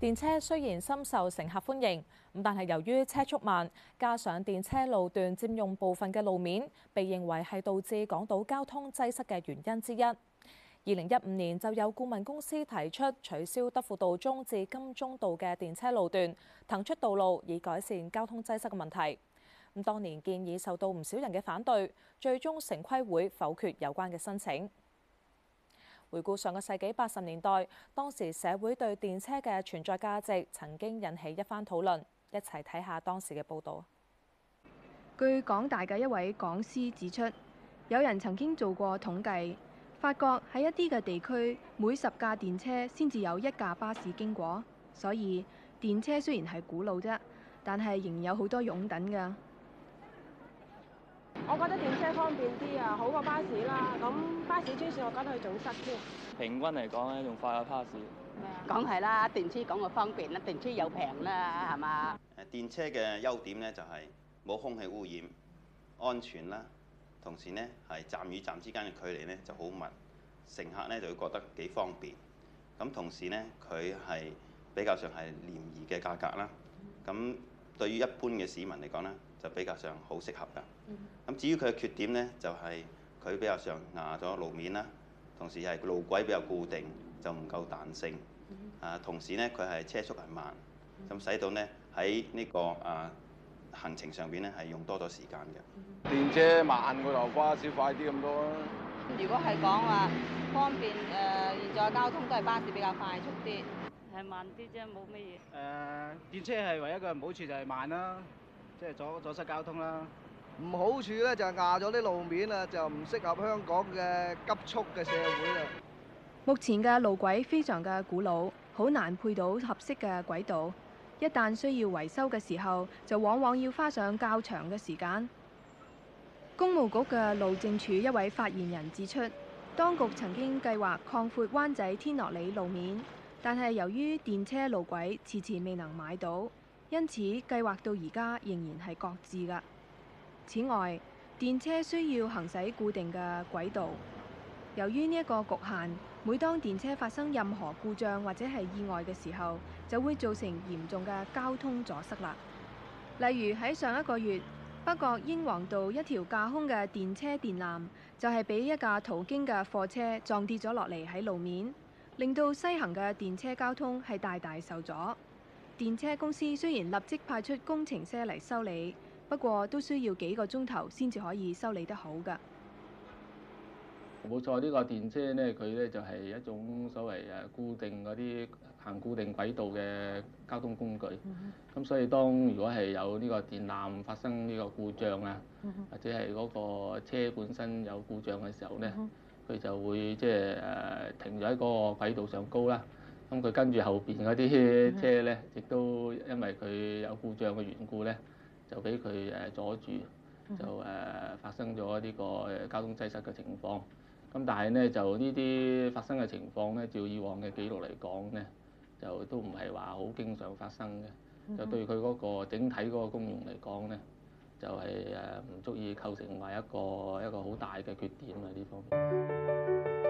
電車雖然深受乘客歡迎，咁但係由於車速慢，加上電車路段佔用部分嘅路面，被認為係導致港島交通擠塞嘅原因之一。二零一五年就有顧問公司提出取消德輔道中至金鐘道嘅電車路段，騰出道路以改善交通擠塞嘅問題。咁當年建議受到唔少人嘅反對，最終城規會否決有關嘅申請。回顧上個世紀八十年代，當時社會對電車嘅存在價值曾經引起一番討論。一齊睇下當時嘅報道。據港大嘅一位講師指出，有人曾經做過統計，發覺喺一啲嘅地區，每十架電車先至有一架巴士經過，所以電車雖然係古老啫，但係仍有好多擁躉噶。我覺得電車方便啲啊，好過巴士啦。咁巴士專線我覺得佢總塞添。平均嚟講咧，仲快過巴士咩？梗係啦，電車講個方便啦，電車又平啦，係嘛？誒，電車嘅優點咧就係冇空氣污染，安全啦。同時呢，係站與站之間嘅距離咧就好密，乘客咧就會覺得幾方便。咁同時呢，佢係比較上係廉宜嘅價格啦。咁對於一般嘅市民嚟講咧，就比較上好適合㗎。咁、嗯、至於佢嘅缺點咧，就係、是、佢比較上壓咗路面啦，同時係路軌比較固定，就唔夠彈性。啊，同時咧佢係車速係慢，咁使到咧喺呢個啊行程上邊咧係用多咗時間嘅。電車慢過頭花，先快啲咁多啊！如果係講話方便誒，現、呃、在交通都係巴士比較快速啲，係慢啲啫，冇乜嘢。誒、呃，電車係唯一一個唔好處就係慢啦。即係阻阻塞交通啦，唔好處咧就係壓咗啲路面啊，就唔適合香港嘅急速嘅社會啦。目前嘅路軌非常嘅古老，好難配到合適嘅軌道。一旦需要維修嘅時候，就往往要花上較長嘅時間。公務局嘅路政處一位發言人指出，當局曾經計劃擴闊灣仔天樂里路面，但係由於電車路軌遲遲未能買到。因此，計劃到而家仍然係擱置㗎。此外，電車需要行駛固定嘅軌道。由於呢一個局限，每當電車發生任何故障或者係意外嘅時候，就會造成嚴重嘅交通阻塞啦。例如喺上一個月，北角英皇道一條架空嘅電車電纜，就係俾一架途經嘅貨車撞跌咗落嚟喺路面，令到西行嘅電車交通係大大受阻。電車公司雖然立即派出工程車嚟修理，不過都需要幾個鐘頭先至可以修理得好㗎。冇錯，呢個電車呢，佢呢就係一種所謂誒固定嗰啲行固定軌道嘅交通工具。咁所以當如果係有呢個電纜發生呢個故障啊，或者係嗰個車本身有故障嘅時候呢，佢就會即係誒停咗喺嗰個軌道上高啦。咁佢跟住後邊嗰啲車咧，亦、嗯、都因為佢有故障嘅緣故咧，就俾佢誒阻住，嗯、就誒、呃、發生咗呢個誒交通擠塞嘅情況。咁但係咧，就呢啲發生嘅情況咧，照以往嘅記錄嚟講咧，就都唔係話好經常發生嘅。就對佢嗰個整體嗰個功用嚟講咧，就係誒唔足以構成為一個一個好大嘅缺點喺呢方面。